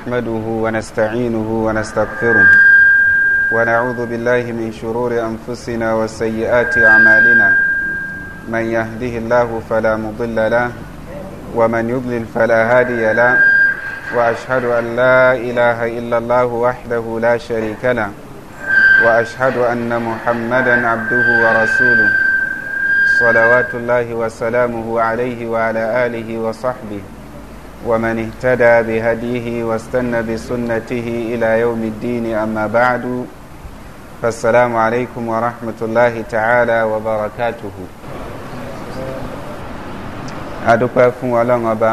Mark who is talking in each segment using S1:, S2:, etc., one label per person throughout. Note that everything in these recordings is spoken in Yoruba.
S1: نحمده ونستعينه ونستغفره ونعوذ بالله من شرور أنفسنا وسيئات أعمالنا من يهده الله فلا مضل له ومن يضلل فلا هادي له وأشهد أن لا إله إلا الله وحده لا شريك له وأشهد أن محمدا عبده ورسوله صلوات الله وسلامه عليه وعلى آله وصحبه ومن اهتدى بهديه واستنى بسنته إلى يوم الدين أما بعد فالسلام عليكم ورحمة الله تعالى وبركاته adúpẹ́ fún ọlọ́run ọba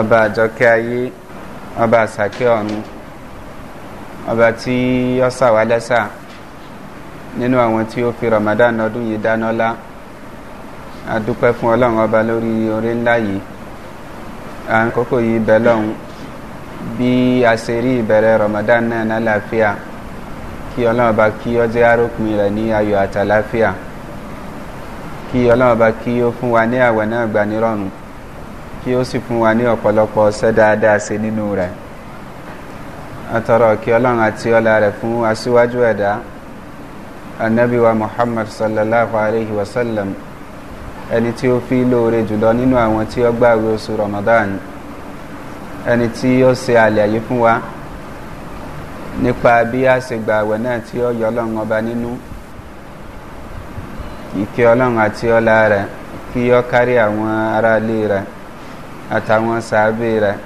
S1: ọba àjọkẹ́ ayé ọba àsàkẹ́ ọ̀run ọba tí ó sàwá lẹ́sà nínú àwọn tí ó fi ramadan ọdún yìí dáná lá adúpẹ́ fún ọlọ́run ọba lórí orí ńlá yìí à ń kókò yìí bẹ̀ lọ́hùn bí a ṣe rí ìbẹ̀rẹ̀ ramadan náà lálàáfíà kí ọlọ́run bá kí ọ jẹ́ arópin rẹ̀ ní ayọ̀ àtàláfíà kí ọlọ́run bá kí ó fún wa ní àwẹ̀ náà gbà nírọ̀rùn kí ó sì fún wa ní ọ̀pọ̀lọpọ̀ ọsẹ́ dáadáa sí nínú rẹ̀ àtọ̀rọ̀ kí ọlọ́run àti ọlá rẹ̀ fún aṣíwájú ẹ̀dá anabiwa muhammad sallallahu alayhi wa sallam ẹni tí ó fi lóore jùlọ nínú àwọn tí ó gbàwé oṣù ramadan ẹni tí ó ṣe àlàyé fún wa nípa bí a ṣe gbàwẹ̀ náà tí ó yọ ọlọ́run ọba nínú ìkẹ́ ọlọ́run àti ọlá rẹ̀ kí ó kárí àwọn aráalé rẹ̀ àtàwọn sàábé rẹ̀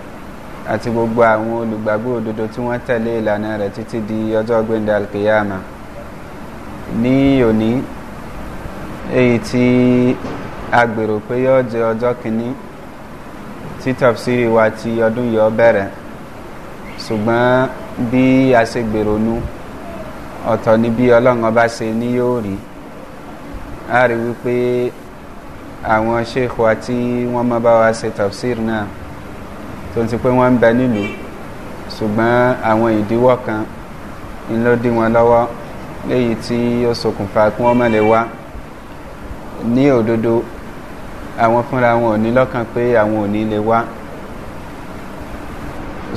S1: àti gbogbo àwọn olùgbàgbọ́ òdodo tí wọ́n tẹ̀lé ìlànà rẹ̀ títí di ọjọ́ gbẹ̀ndẹ̀ alkiyama ní òní èyí tí agbèrò pé yóò jẹ ọjọ́ kìíní tí tọ́fsírì wa ti ọdún yọ bẹ̀rẹ̀ ṣùgbọ́n bí a ṣe gbèrò nu ọ̀tọ̀ ni bí ọlọ́run ọba ṣe ní yóò rí a rí wípé àwọn ṣéèkù àti wọ́n mọ́ bá wa ṣe tọ́fsírì náà tó ti pé wọ́n ń bẹ nílùú ṣùgbọ́n àwọn ìdíwọ́ kan ń ló dí wọn lọ́wọ́ léyìí tí ó ṣokùnfà kí wọ́n mọ̀ lè wá ní òdodo àwọn fúnra wọn ò ní lọ́kàn pé àwọn ò ní lè wá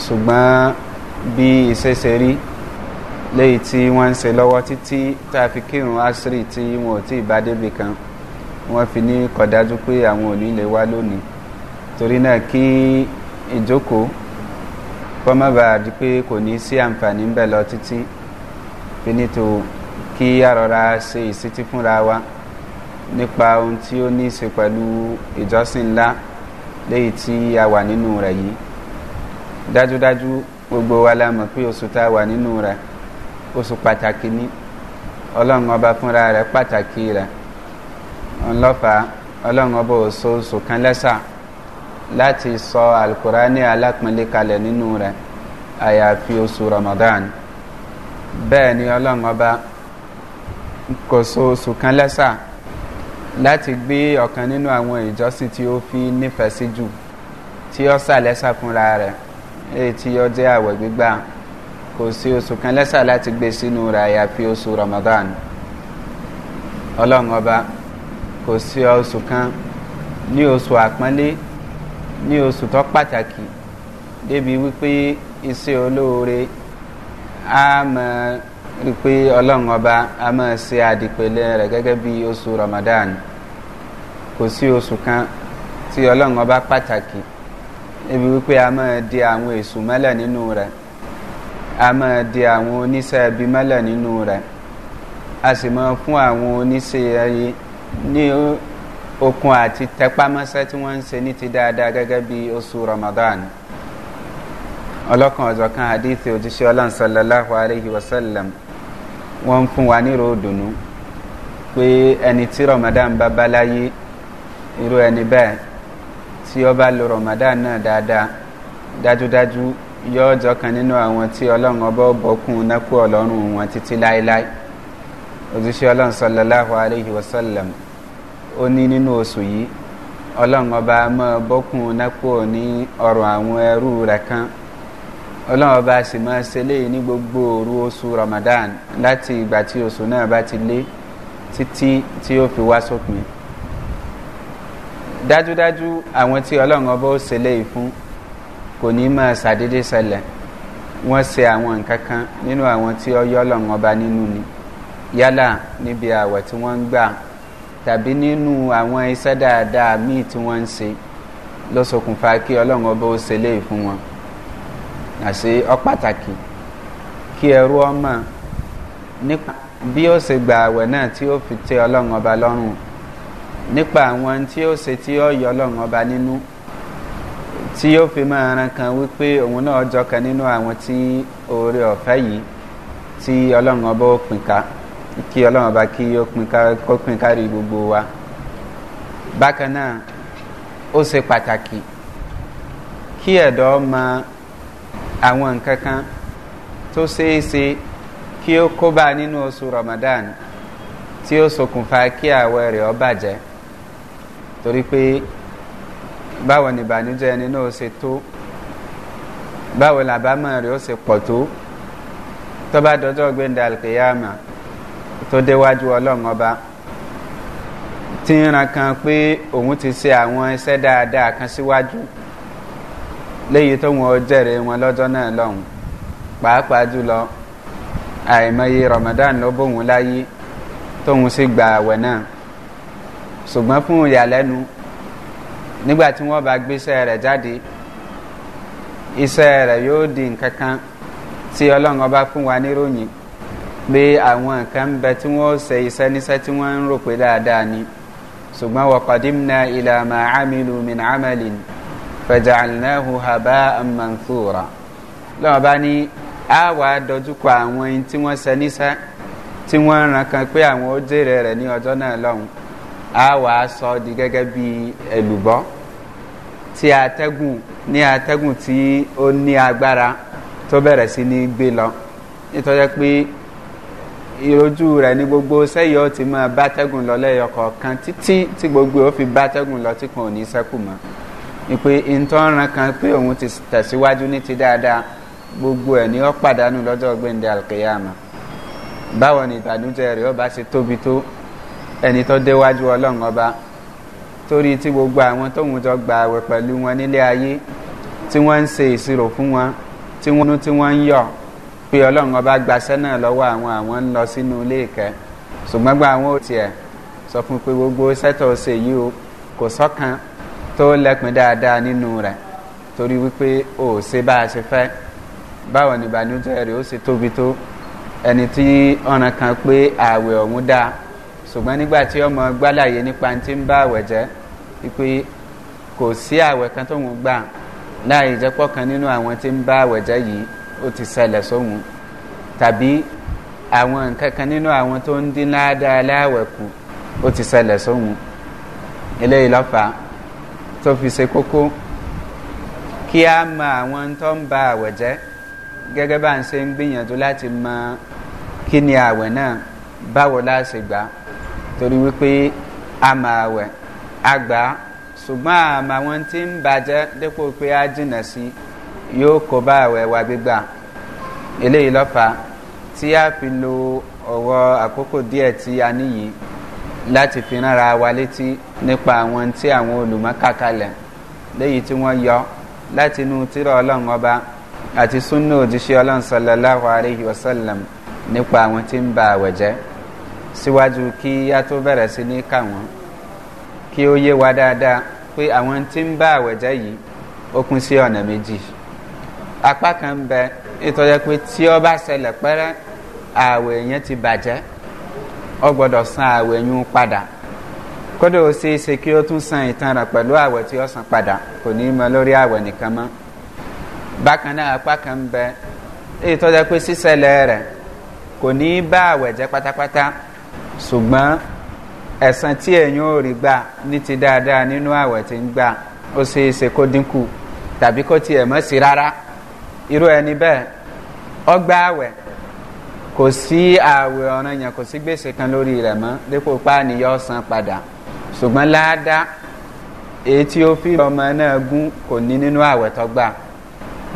S1: ṣùgbọ́n bí iṣẹ́ rí léyìí tí wọ́n ń ṣe lọ́wọ́ títí tá a fi kírun asiri tí wọn ò tí ì bá débi kan wọ́n fi ní kọ̀dájú pé àwọn ò ní lè wá lónìí torí náà kí ìjókòó kọ́ má bàa di pé kò ní sí àǹfààní ń bẹ̀ lọ títí finito kí a ṣe ìsítí fúnra wa nípa ohun tí ó ní í ṣe pẹ̀lú ìjọsìn ńlá léyìí tí a wà nínú rẹ̀ yìí dájúdájú gbogbo wa la mọ̀ pé oṣù tá a wà nínú rẹ̀ oṣù pàtàkì ní ọlọ́run ọba fúnra rẹ̀ pàtàkì rẹ̀ ńlọ́fà ọlọ́run ọba oṣooṣù kan lẹ́sà láti sọ alukurani alápínlẹ kalẹ̀ nínú rẹ̀ àyàfi oṣù ramadan bẹ́ẹ̀ ni ọlọ́run ọba kò so oṣù kan lẹ́sà láti gbé ọ̀kan nínú àwọn ìjọsìn tí ó fi nífẹ̀ẹ́ sí jù tí ó sà lẹ́sà fúnra rẹ̀ èyí tí ó jẹ́ àwẹ̀ gbígbà kò sí oṣù kan lẹ́sà láti gbé sínú rẹ̀ àyàfi oṣù ramadan ọlọ́run ọba kò sí oṣù kan ní oṣù àpọ́nlé ní oṣù tó pàtàkì débi wípé iṣẹ́ olóore á máa wípé ọlọ́run ọba a máa ṣe àdìpẹ̀lẹ̀ rẹ̀ gẹ́gẹ́ bí oṣù ramadan kò sí oṣù kan tí ọlọ́run ọba pàtàkì níbi wípé a máa di àwọn èṣù mẹ́lẹ̀ nínú rẹ̀ a máa di àwọn oníṣẹ́ ẹbí mẹ́lẹ̀ nínú rẹ̀ a sì máa fún àwọn oníṣẹ́ ẹyẹ ní okun àti tẹpámọ́sẹ́ tí wọ́n ń ṣe ní ti dáadáa gẹ́gẹ́ bí oṣù ramadan ọlọ́kan ọ̀jọ̀kan àdíìtì òjíṣẹ́ ọlọ́run sallallahu alayhi wa sallam wọ́n ń fún wa nírò dùnú pé ẹni tí ramadan bá bá láyé irú ẹni bẹ́ẹ̀ tí ó bá lo ramadan náà dáadáa dájúdájú yóò jọkan nínú àwọn tí ọlọ́run ọba bọ́kún nákú ọlọ́run wọn títí láéláé òjíṣẹ́ ọlọ́run sọlọ́láhu aleyhi wasallam ó ní nínú oṣù yìí ọlọ́run ọba máa bọ́kún nákú ní ọ̀rọ̀ àwọn ẹrú rẹ̀ kan ọlọ́run ọba sì máa ṣe léyìí ní gbogbo òru oṣù ramadan láti ìgbà tí oṣù náà bá ti lé títí tí ó fi wá sópin dájúdájú àwọn tí ọlọ́run ọba ó ṣe léyìí fún kò ní máa ṣàdédé ṣẹlẹ̀ wọ́n ṣe àwọn nǹkan kan nínú àwọn tí ó yọ ọlọ́run ọba nínú ni yálà níbi àwọ̀ tí wọ́n ń gbà tàbí nínú àwọn iṣẹ́ dáadáa míì tí wọ́n ń ṣe ló kí ọlọ́run ọba ó ṣe léyìí fún wọn àṣe ọpàtàkì kí ẹrú ọmọ nípa bí ó ṣe gba àwẹ̀ náà tí ó fi tẹ ọlọ́run ọba lọ́rùn nípa àwọn tí ó ṣe tí ó yọ ọlọ́run ọba nínú tí ó fi máa ran kan wípé òun náà jọ kan nínú àwọn tí oore ọ̀fẹ́ yìí tí ọlọ́run ọba ó pin ká kí ọlọ́run ọba kí ó pin kárí gbogbo wa bákan náà ó ṣe pàtàkì kí ẹ̀dọ́ máa àwọn nǹkan kan tó ṣeé kí ó kóbá nínú oṣù ramadan tí ó ṣokùnfà kí àwẹ̀ rẹ̀ ọ bàjẹ́ torí pé báwo ni ìbànújẹ́ ẹni náà ṣe tó báwo làbámọ̀ rẹ̀ ó ṣe pọ̀ tó tó bá dọjọ́ gbẹ̀ndà alkeyama tó déwájú ọlọ́run ọba tí ń ran kan pé òun ti ṣe àwọn iṣẹ́ dáadáa kan síwájú. Si léyìí tó wọn jẹ́rẹ̀ wọn lọ́jọ́ náà lọ́hùn pàápàá jùlọ àìmọye ramadan ló bóun láyé tóun sì gba àwẹ̀ náà ṣùgbọ́n fún ìyàlẹ́nu nígbà tí wọ́n bá gbéṣẹ́ rẹ̀ jáde iṣẹ́ rẹ̀ yóò di nǹkan kan tí ọlọ́run ọba fún wa níròyìn pé àwọn nǹkan bẹ tí wọ́n ṣe iṣẹ́ níṣẹ́ tí wọ́n ń rò pé dáadáa ni ṣùgbọ́n wọ́n kọ́dí ìlànà àmìlú mi àmàlì ni fẹjàlínàhù haba amanthura lọ́wọ́ bá ní a wà dojúkọ àwọn ẹni tí wọ́n ṣe níṣẹ́ tí wọ́n ràn kan pé àwọn ó jèrè rẹ̀ ní ọjọ́ náà lọ́hùn a wà sọ di gẹ́gẹ́ bí ẹlùbọ́ tí atẹ́gùn ní atẹ́gùn tí ó ní agbára tó bẹ̀rẹ̀ sí ní gbé lọ nítorí pé ìrojú rẹ̀ ní gbogbo sẹ́yìn ó ti máa bátẹ́gùn lọ lẹ́yọ kọ̀ọ̀kan títí tí gbogbo ó fi bátẹ́gùn lọ tí kò ní sẹ́kù mọ́ ìpè ìtọ́ran kan pé òun ti tẹ̀síwájú ní ti dáadáa gbogbo ẹ̀ ní ó pàdánù lọ́jọ́ gbẹ̀ndẹ̀ alkeyama báwo ni ìbànújẹ́ rẹ̀ ọba ṣe tóbi tó ẹni tó déwájú ọlọ́run ọba torí tí gbogbo àwọn tóun jọ gba àwẹ̀ pẹ̀lú wọn nílé ayé tí wọ́n ń ṣe ìṣirò fún wọn tí wọ́n nú tí wọ́n ń yọ̀ pé ọlọ́run ọba gbaṣẹ́ náà lọ́wọ́ àwọn àwọn ń lọ sínú ilé ìkẹ́ ṣùgbọ́n gba àwọn ò tiẹ̀ sọ fún pé gbogbo sẹ́tọ̀ ṣe yìí o kò sọ́kan tó lẹ́pin dáadáa nínú rẹ̀ torí wípé ò ṣe bá a ṣe fẹ́ báwọn ìbànújẹ́ rẹ̀ ó ṣe tóbi tó ẹni tí ọ̀ràn kan pé ààwẹ̀ ọ̀hún dá ṣùgbọ́n nígbà tí ọmọ gbálàyé nípa ti ń bá àwẹ̀ jẹ́ wípé kò sí àwẹ̀ kan tóun gbà láì jẹ́pọ̀ kan nínú àwọn tí ń bá àwẹ̀ jẹ́ yìí ó ti ṣẹlẹ̀ sóhun tàbí àwọn nǹkan kan nínú àwọn tó ń dín ládàá láwẹ̀ kù ó ti ṣẹlẹ̀ sóhun eléyìí lọ́fàá tó fi ṣe kókó kí a mọ àwọn tó ń ba àwẹ̀ jẹ́ gẹ́gẹ́ bá ń ṣe ń gbìyànjú láti mọ kí ni àwẹ̀ náà báwo la ṣe gbà torí wípé a mọ àwẹ̀ a gbà ṣùgbọ́n àmọ́ àwọn tí ń bàjẹ́ dépò pé a jìnà sí yóò kó bá àwẹ̀ wa gbígbà eléyìí lọ́fà tí a fi lo ọ̀rọ̀ àkókò díẹ̀ tí a níyìí láti fi ránra wa létí nípa àwọn tí àwọn olùmọ́kàkalẹ̀ léyìí tí wọ́n yọ láti inú tírà ọlọ́run ọba àti súnà òjíṣẹ́ ọlọ́run sọlọ́láhùn àríyí ọ̀sọ́lẹ̀m nípa àwọn tí ń ba àwẹ̀ jẹ́ síwájú kí á tó bẹ̀rẹ̀ sí ní kà wọ́n kí ó yé wa dáadáa pé àwọn tí ń ba àwẹ̀ jẹ́ yìí ó kún sí ọ̀nà méjì apá kan ń bẹ nítorí pé tí ọ bá ṣẹlẹ̀ pẹ́rẹ́ àwẹ̀ yẹn ti bàjẹ́ ọ gbọdọ san àwẹ̀ yún padà kódà ó ṣe é ṣe kí ó tún san ìtanra pẹ̀lú àwẹ tí ó san padà kò ní mọ lórí àwẹ nìkan mọ́ bákan náà apá kan bẹ èyí tó jẹ́ pé sísẹ̀lẹ̀ rẹ̀ kò ní bá àwẹ̀ jẹ pátápátá tí ò rí gbà ní ti dáadáa nínú tí ń gbà ó ṣe é kò sí ààwẹ̀ ọ̀ràn yẹn kò sí gbèsè kan lórí rẹ̀ mọ́ dípò pàníyàn san padà ṣùgbọ́n láàdá èyí tí ó fi ọmọ náà gún kò ní nínú ààwẹ̀ tó gbà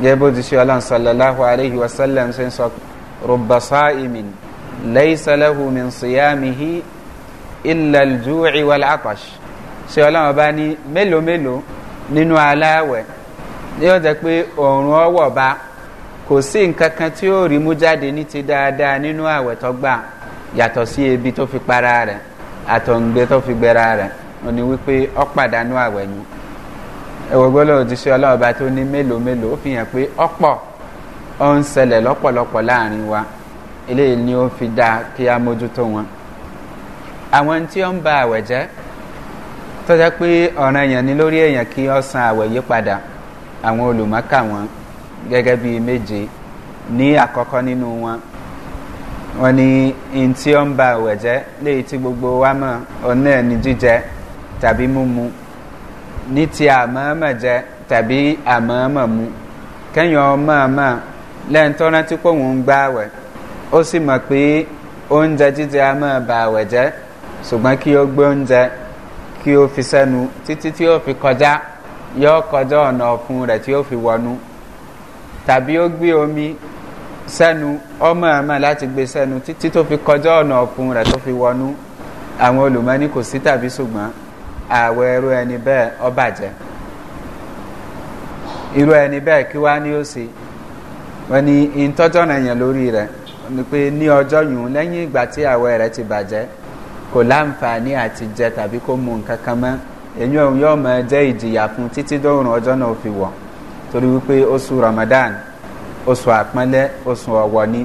S1: gẹ́gẹ́ bó ti ṣe ọlọ́run sọlọ́láhu aleyhi wa sálẹ̀m ṣe ń sọ rọ̀bọ̀sá ìmìn lẹ́yìn sọlọ́hu mi ń ṣìyá hí ilẹ̀ ju ìwọlẹ̀ ṣe ọlọ́run bá ní mélòó mélòó nínú aláwẹ̀ yóò jẹ́ pé òòrùn ọwọ́ bá kò sí nǹkan kan tí ó rí mú jáde ní ti dáadáa nínú tó gbà yàtọ̀ ebi tó fi para rẹ̀ àtọ̀ǹgbẹ tó fi gbẹra rẹ̀ wọn ni wípé ọ pàdánù àwẹ̀ ni ẹ̀wọ̀gbọ́lọ̀ òjíṣẹ́ ọlọ́ọ̀bá tó ní mélòó mélòó ó fi hàn pé ọ ń ṣẹlẹ̀ lọ́pọ̀lọpọ̀ láàrin wa eléyìí ni ó fi da kí á mójútó wọn àwọn tí ó ń ba àwẹ̀ jẹ́ tó pé ọ̀ràn èèyàn lórí gẹ́gẹ́ bíi méje ní àkọ́kọ́ nínú wọn wọn ni n tí ó ń ba àwẹ̀ jẹ́ léyìí tí gbogbo wa mọ̀ òun náà ni jíjẹ tàbí múmu ní ti àmọ́ọ́mọ̀ jẹ tàbí àmọ́ọ́mọ̀ mu kẹ́yìn ọmọ ọmọ lẹ́yìn tó rántí pé òun ń gbá àwẹ̀ ó sì mọ̀ pé oúnjẹ jíjẹ a máa ba àwẹ̀ jẹ́ ṣùgbọ́n kí ó gbé oúnjẹ kí ó fi sẹ́nu títí tí ó fi kọjá yọ kọjá ọ̀nà ọ̀fun rẹ̀ tí ó fi wọnú tàbí ó gbé omi sẹ́nu ọmọ ẹ̀mọ́ láti gbé sẹ́nu títí tó fi kọjá ọ̀nà ọ̀fun rẹ̀ tó fi wọnú àwọn olùmọ́ni kò sí tàbí ṣùgbọ́n ààwẹ̀ ẹrú ẹni bẹ́ẹ̀ ọba jẹ́ irú ẹni bẹ́ẹ̀ kí wá ní ó ṣe wọ́n ní ìtọ́jọ́ náà yẹn lórí rẹ̀ ni pé ní ọjọ́ yùn lẹ́yìn ìgbà tí ààwẹ̀ rẹ̀ ti bàjẹ́ kò láǹfààní àti jẹ tàbí kó mu nǹkan kan mọ́ èyí òun yóò mọ jẹ́ ìjìyà fún títí dóorùn ọjọ́ náà fi wọ̀ torí wípé oṣù ramadan oṣù àpọ́nlé oṣù ọ̀wọ̀ ni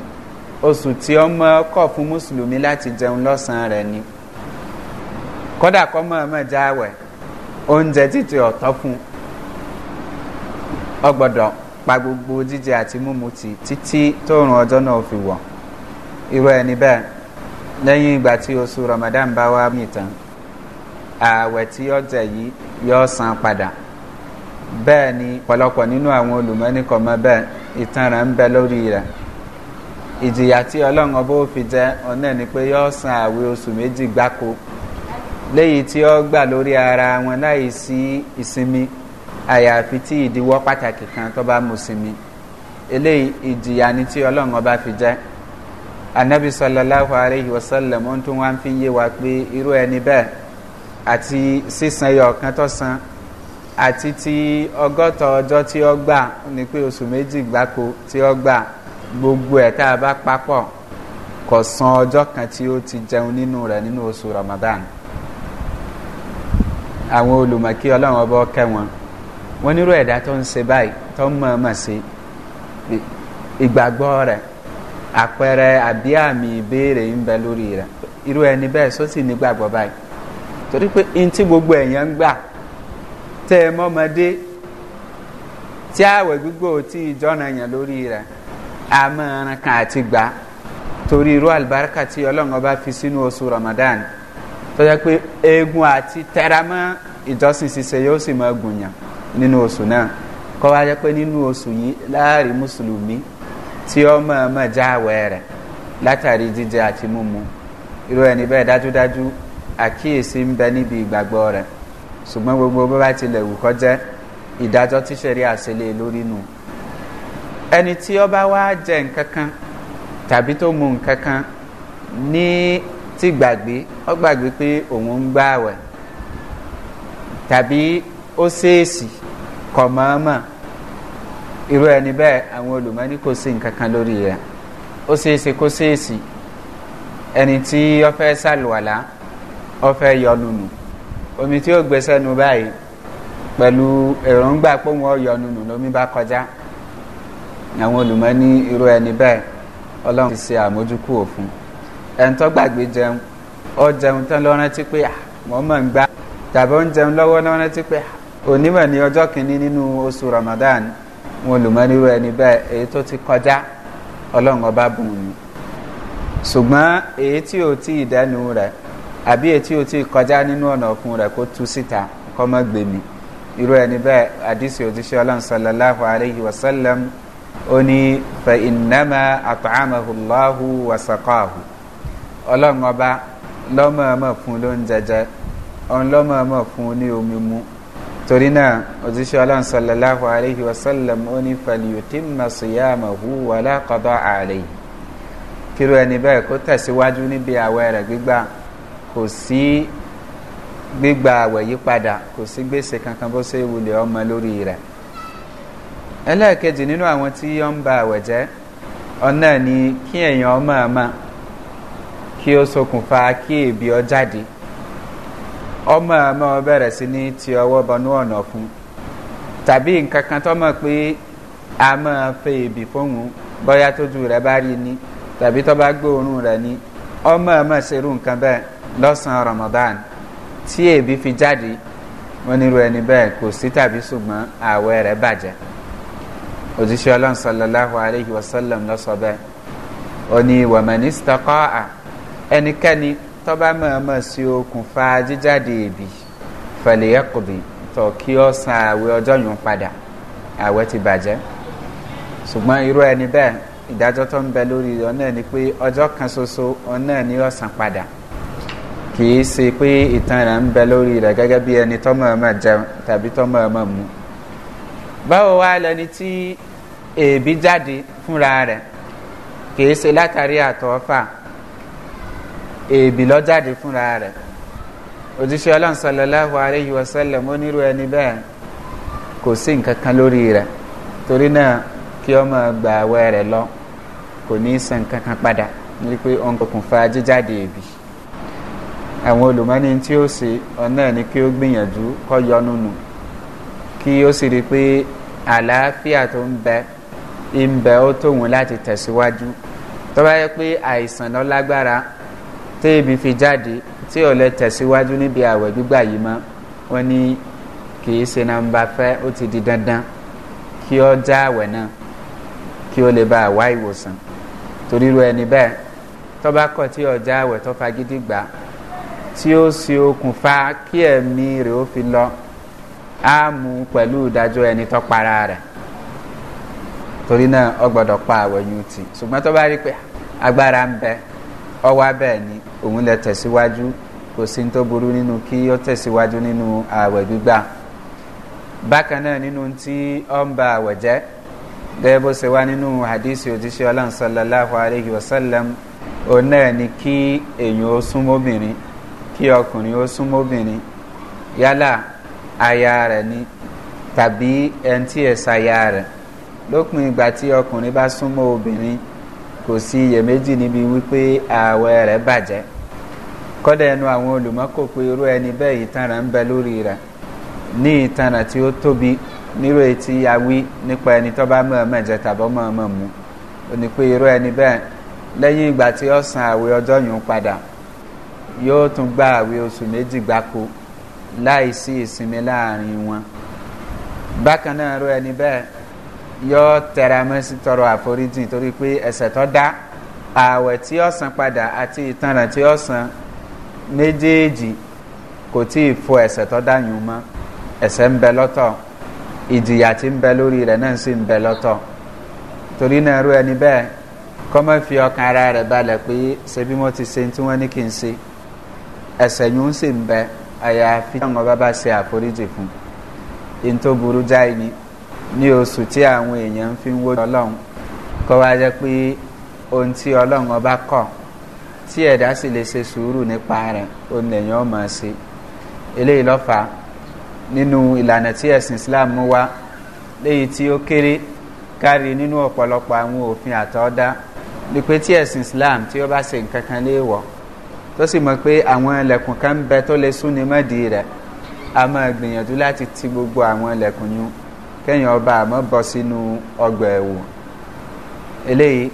S1: oṣù tí ó mọ́ kọ̀ fún mùsùlùmí láti jẹun lọ́sàn-án rẹ̀ ni kódà kọ́ mọ́ ọmọ jáwẹ̀ oúnjẹ títí ọ̀tọ́ fún ọgbọ́dọ̀ pa gbogbo jíjẹ àti mímu tì títí tóòrùn ọjọ́ náà fi wọ̀ irú ẹni bẹ́ẹ̀ lẹ́yìn ìgbà tí oṣù ramadan bá wá mìtàn ààwẹ̀ tí yọ jẹ yìí yọ san padà bẹ́ẹ̀ ni pọ̀lọpọ̀ nínú àwọn olùmọ́nìkọ̀mọ́ bẹ́ẹ̀ ìtanràn ń bẹ lórí rẹ̀ ìjìyà tí ọlọ́run ọba ó fi jẹ́ ọ̀nà ni pé yóò san àwẹ̀ oṣù méjì gbáko léyìí tí ó gbà lórí ara wọn láì sí ìsinmi àyàfi tí ìdíwọ́ pàtàkì kan tó bá mú sinmi eléyìí ìjìyà ni tí ọlọ́run ọba fi jẹ́ anabi sallallahu alayhi wa sallam ohun tó wá ń fi yé wa pé irú ẹni bẹ́ẹ̀ àti sísan ẹyọ tó san àti ti ọgọ́ta ọjọ́ tí ó gbà ní pé oṣù méjì gbáko tí ó gbà gbogbo ẹ̀ tá a bá papọ̀ kò san ọjọ́ kan tí ó ti jẹun nínú rẹ̀ nínú oṣù ramadan àwọn olùmọ̀kí ọlọ́run ọba ọkẹ́ wọn wọn nírú ẹ̀dá tó ń ṣe báyìí tó ń mọ̀ ọ́mọ̀ sí ìgbàgbọ́ rẹ̀ àpẹẹrẹ àbí àmì ìbéèrè ń bẹ lórí rẹ̀ irú ẹni bẹ́ẹ̀ sọ́sì nígbàgbọ́ báyìí torí pé ntí gbogbo ẹ̀yàn ń gbà tẹ́ ẹ mọ́mọdé tí àwẹ̀ gbígbó tí ìjọ́nà yàn lórí rẹ̀ àmọ́ràn kan àti gbà torí irú àlùbáríkà tí ọlọ́run ọba fi sínú oṣù ramadan tó yẹ pé eegun àti tẹramọ́ ìjọsìn ṣiṣẹ́ yóò sì máa gùnyàn nínú oṣù náà kọ́ wá jẹ́ pé nínú oṣù yìí láàrin mùsùlùmí tí ó máa máa já àwẹ̀ rẹ̀ látàrí jíjẹ àti mímu irú ẹni bẹ́ẹ̀ dájúdájú àkíyèsí ń bẹ níbi ìgbàgbọ́ rẹ̀ ṣùgbọ́n gbogbo bó bá tilẹ̀ wù kọ́ jẹ́ ìdájọ́ tí sẹ́rí àṣẹlẹ̀ e lórí nù ẹni tí ọba wá jẹ nǹkan kan tàbí tó mu nǹkan kan ní ti gbàgbé ọ gbàgbé pé òun ń gbá àwẹ̀ tàbí ó ṣèèṣì kọ̀ mọ́ọ́mọ́ irú ẹni bẹ́ẹ̀ àwọn olùmọ́ni kò sí nǹkan kan lórí rẹ̀ ó ṣeéṣe kó ṣeéṣì ẹni tí ọ fẹ́ sàlùwàlá ọ fẹ́ yọnu nù omi tí ó gbé sẹ́nu báyìí pẹ̀lú èròǹgbà pé wọ́n yọ nùnù lómi bá kọjá àwọn olùmọ̀ ní irú ẹni bẹ́ẹ̀ ọlọ́run ti ṣe àmójúkú òfin ẹni tó gbàgbé jẹun ó jẹun tán lọ rántí pé mọ́ mọ̀ ń gbá tàbí ó ń jẹun lọ́wọ́ lọ rántí pé onímọ̀ ní ọjọ́ kìíní nínú oṣù Ramadan wọn lùmọ́ nírú ẹni bẹ́ẹ̀ èyí tó ti kọjá ọlọ́run ọba bùn ni ṣùgbọ́n èyí tí ò tí dẹnu rẹ̀ àbí etí o ti kọjá nínú ọ̀nà ọ̀kun rẹ̀ kó tú síta kọ́ mọ́ gbèmí irú ẹni bẹ́ẹ̀ àdísì òjíṣẹ́ ọlọ́run sọlọ́láhu aleyhi wa sálẹ̀m ó ní fẹ ìnáma àtọ̀hámahùláhu wa sàkọ́hù ọlọ́run ọba lọ́mọ̀ọ́mọ̀ fún ló ń jẹjẹ òun lọ́mọ̀ọ́mọ̀ fún ní omi mu torí náà òjíṣẹ́ ọlọ́run sọlọ́láhu aleyhi wa sálẹ̀m ó ní fẹlẹ́yìntìmọ̀ sọ̀yàmọ̀hù wàlákọ̀dọ̀ àlẹ́ kírú ẹni bẹ́ẹ̀ kó tẹ̀síwájú níbi àwẹ̀ rẹ̀ gbígbà kò sí gbígba àwẹ̀ yí kò sí gbèsè kankan bó ṣe wulẹ̀ ọmọ lórí rẹ̀ ẹlẹ́ẹ̀kejì nínú àwọn tí ó ń ba àwẹ̀ jẹ́ ọ̀nà ni kí èèyàn ọmọ ọmọ kí ó ṣokùnfà kí èbí ọ jáde ọmọ ọ bẹ̀rẹ̀ sí ní ti ọwọ́ bọnú ọ̀nà fún tàbí nǹkan kan tó pé a máa fẹ́ èbí fóun bọ́yá tójú rẹ̀ lọ́sàn-án ramadan tí èébì fi jáde wọ́n nírú ẹni bẹ́ẹ̀ kò sí tàbí ṣùgbọ́n ààwẹ̀ rẹ̀ bàjẹ́ òjíṣẹ́ ọlọ́run sọlọ́láhu aleyhi wasallam lọ́sọ bẹ́ẹ̀ ó ní wàmẹ́ni sítọ́kọ́ à ẹnikẹ́ni tọ́ba mọ̀ọ́mọ̀ sí okùnfà jíjáde èébì fẹ̀lẹ́yẹ́kùbì tọ̀ kí ọ san ààwẹ̀ ọjọ́ yòó padà ààwẹ̀ ti bàjẹ́ ṣùgbọ́n irú ẹni bẹ́ẹ̀ ìdájọ́ tó ń bẹ lórí ọ̀nà ni pé ọjọ́ kan ṣoṣo ọ̀nà ni ọ̀sán padà kì í ṣe pé ìtanràn ń bẹ lórí rẹ̀ gẹ́gẹ́ bí ẹni tọ́mọ̀ ọmọ jẹun tàbí báwo wá lẹni tí èébì jáde fúnra rẹ̀ kì í ṣe látàrí àtọ́fà èébì lọ jáde fúnra rẹ̀ òjíṣẹ́ ọlọ́run aráyé mọ́ nírú ẹni bẹ́ẹ̀ kò sí nǹkan kan lórí rẹ̀ torí náà kí rẹ̀ lọ kò ní í àwọn olùmọ́ni tí ó ṣe ọ̀nà ní kí ó gbìyànjú kọ́ yọnúnu kí ó sì rí pé àlàáfíà tó ń bẹ ń bẹ ó tóun láti tẹ̀síwájú tó bá yẹ pé àìsàn lọ lágbára tí ibi fi jáde tí ò lè tẹ̀síwájú níbi àwẹ̀ gbígbà yìí mọ́ wọn ní kì í ṣe nàmbà fẹ́ ó ti di dandan kí ó já àwẹ̀ náà kí ó lè bá àwa ìwòsàn torí ru ẹni bẹ́ẹ̀ tó bá kọ̀ tí ọjà àwẹ̀ tó fagídí gbà á tí ó ṣe okùnfà kí ẹ̀mí rẹ̀ ó fi lọ á mú pẹ̀lú ìdájọ́ ẹni tó para rẹ̀ torí náà ọ gbọ́dọ̀ pa àwẹ̀ ti ṣùgbọ́n tó bá rí pé agbára ń bẹ ọwọ́ abẹ́ ni òun lè tẹ̀síwájú kò sí tó burú nínú kí ó tẹ̀síwájú nínú àwẹ̀ gbígbà bákan náà nínú tí ó ń ba àwẹ̀ jẹ́ gẹ́gẹ́ bó ṣe wá nínú hadisi òjíṣẹ́ ọlọ́run sọlá aláhùn aláhùn òun náà ni kí èèyàn ó súnmọ́bìnrin kí ọkùnrin ó súnmọ́ obìnrin yálà aya rẹ̀ ni tàbí ẹni tí ẹ̀ rẹ̀ lópin ìgbà tí ọkùnrin bá súnmọ́ obìnrin kò sí iyèméjì níbi wípé ààwẹ̀ rẹ̀ bàjẹ́ kọ́dà ẹnu àwọn olùmọ́kò pé irú ẹni bẹ́ẹ̀ ìtanràn ń bẹ lórí rẹ̀ ní ìtanràn ya wi nípa ẹni tó bá mọ̀ọ́mọ̀ jẹ mu ò ní pé irú ẹni bẹ́ẹ̀ lẹ́yìn ìgbà tí àwẹ̀ yóò tún gba àwẹ̀ oṣù méjì gbáko láì sí ìsinmi láàrin wọn bákan náà ro ẹni bẹ́ẹ̀ yóò tẹra mẹ́sì tọrọ àforíjì torí pé ẹ̀sẹ̀ tó dá ààwẹ̀ tí ó san padà àti ìtanràn tí ó san méjèèjì kò tí ì fo ẹ̀sẹ̀ tó dá yùn mọ́ ẹ̀sẹ̀ ń bẹ lọ́tọ̀ ìjìyà tí ń bẹ lórí rẹ̀ náà sì ń bẹ lọ́tọ̀ torí náà ro ẹni bẹ́ẹ̀ kọ́mọ́ fi ọkàn ara rẹ̀ balẹ̀ pé ṣebí mo ti ṣe tí wọ́n ní kí n ṣe. ẹ̀ṣẹ̀ yìí ń sì ń bẹ àyàfi tí àwọn bá ṣe àforíjì fún in tó burú jáì ni ní oṣù tí àwọn èèyàn fi ń wójú ọlọ́run kọ́ wá ohun tí ọba kọ. tí ẹ̀dá sì lè ṣe sùúrù nípa rẹ òun lèèyàn ọmọ ṣe eléyìí lọ́fà nínú ìlànà tí ẹ̀sìn islam mú wá léyìí tí ó kéré kárí nínú ọ̀pọ̀lọpọ̀ àwọn òfin àtọ́dá ni pé tí islam tí tó sì mọ̀ pé àwọn ẹlẹ́kùn kan ń bẹ tó lè súnni mọ́dì rẹ̀ a máa gbìyànjú láti ti gbogbo àwọn ẹlẹ́kùn yún kẹ́yìn ọba àmọ́ bọ́ sínú ọgbà ẹ̀wọ̀n eléyìí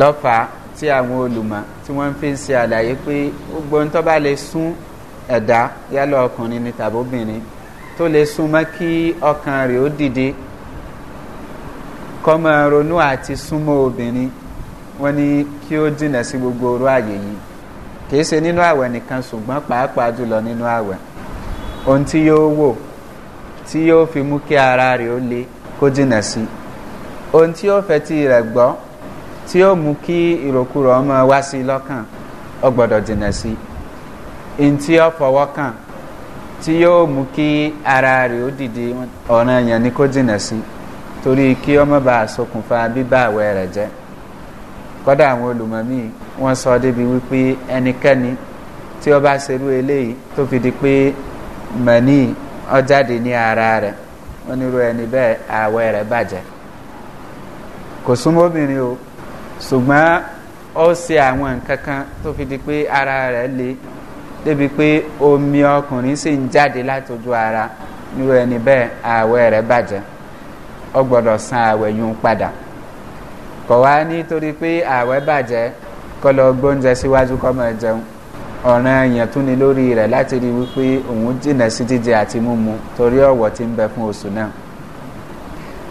S1: lọ́fà tí àwọn olùmọ̀ tí wọ́n fi ń ṣe àlàyé pé gbogbo ń tọ́ba lè sún ẹ̀dá yálà ọkùnrin ni tàbóbìnrin tó lè sún mọ́ kí ọkàn rẹ̀ ó dìde kọ́mọ ronú àti súnmọ́ obìnrin wọ́n ní kí ó dìnà sí gbogbo orú àyè yìí kìí ṣe nínú àwẹ̀ nìkan ṣùgbọ́n pàápàá jùlọ nínú àwẹ̀ ohun tí yóò wò tí yóò fi mú kí ara rẹ̀ ó le kó jìnà sí ohun tí yóò fẹ́ ti rẹ̀ gbọ́ tí yóò mú kí ìròkúrò ọmọ wá sí lọ́kàn ó gbọ́dọ̀ jìnà sí ohun tí yóò fọwọ́ kàn tí yóò mú kí ara rẹ̀ ó dìde ọ̀ràn yẹn ni kó jìnà sí torí kí ọmọ bá a ṣokùnfà bíbá àwẹ̀ rẹ̀ jẹ́ kọ́dà àwọn olùmọ̀mí wọ́n sọ débi wípé ẹnikẹ́ni tí ó bá eléyìí tó fi di pé mẹ́ni ọjáde ní ara rẹ̀ wọ́n ẹni bẹ́ẹ̀ rẹ̀ kò súnmọ́ o ṣùgbọ́n ó ṣe àwọn nǹkan kan tó ara rẹ̀ le débi pé omi ọkùnrin sì ń jáde ara ẹni bẹ́ẹ̀ rẹ̀ bàjẹ́ gbọ́dọ̀ kọ̀ wá nítorí pé ààwẹ̀ bàjẹ́ kọ́ lọ gbóúnjẹ síwájú kọ́ mọ̀ jẹun ọ̀ràn èèyàn tún ni lórí rẹ̀ láti rí wípé òun jìnà sí jíjẹ àti múmu torí ọ̀wọ̀ tí ń bẹ fún oṣù náà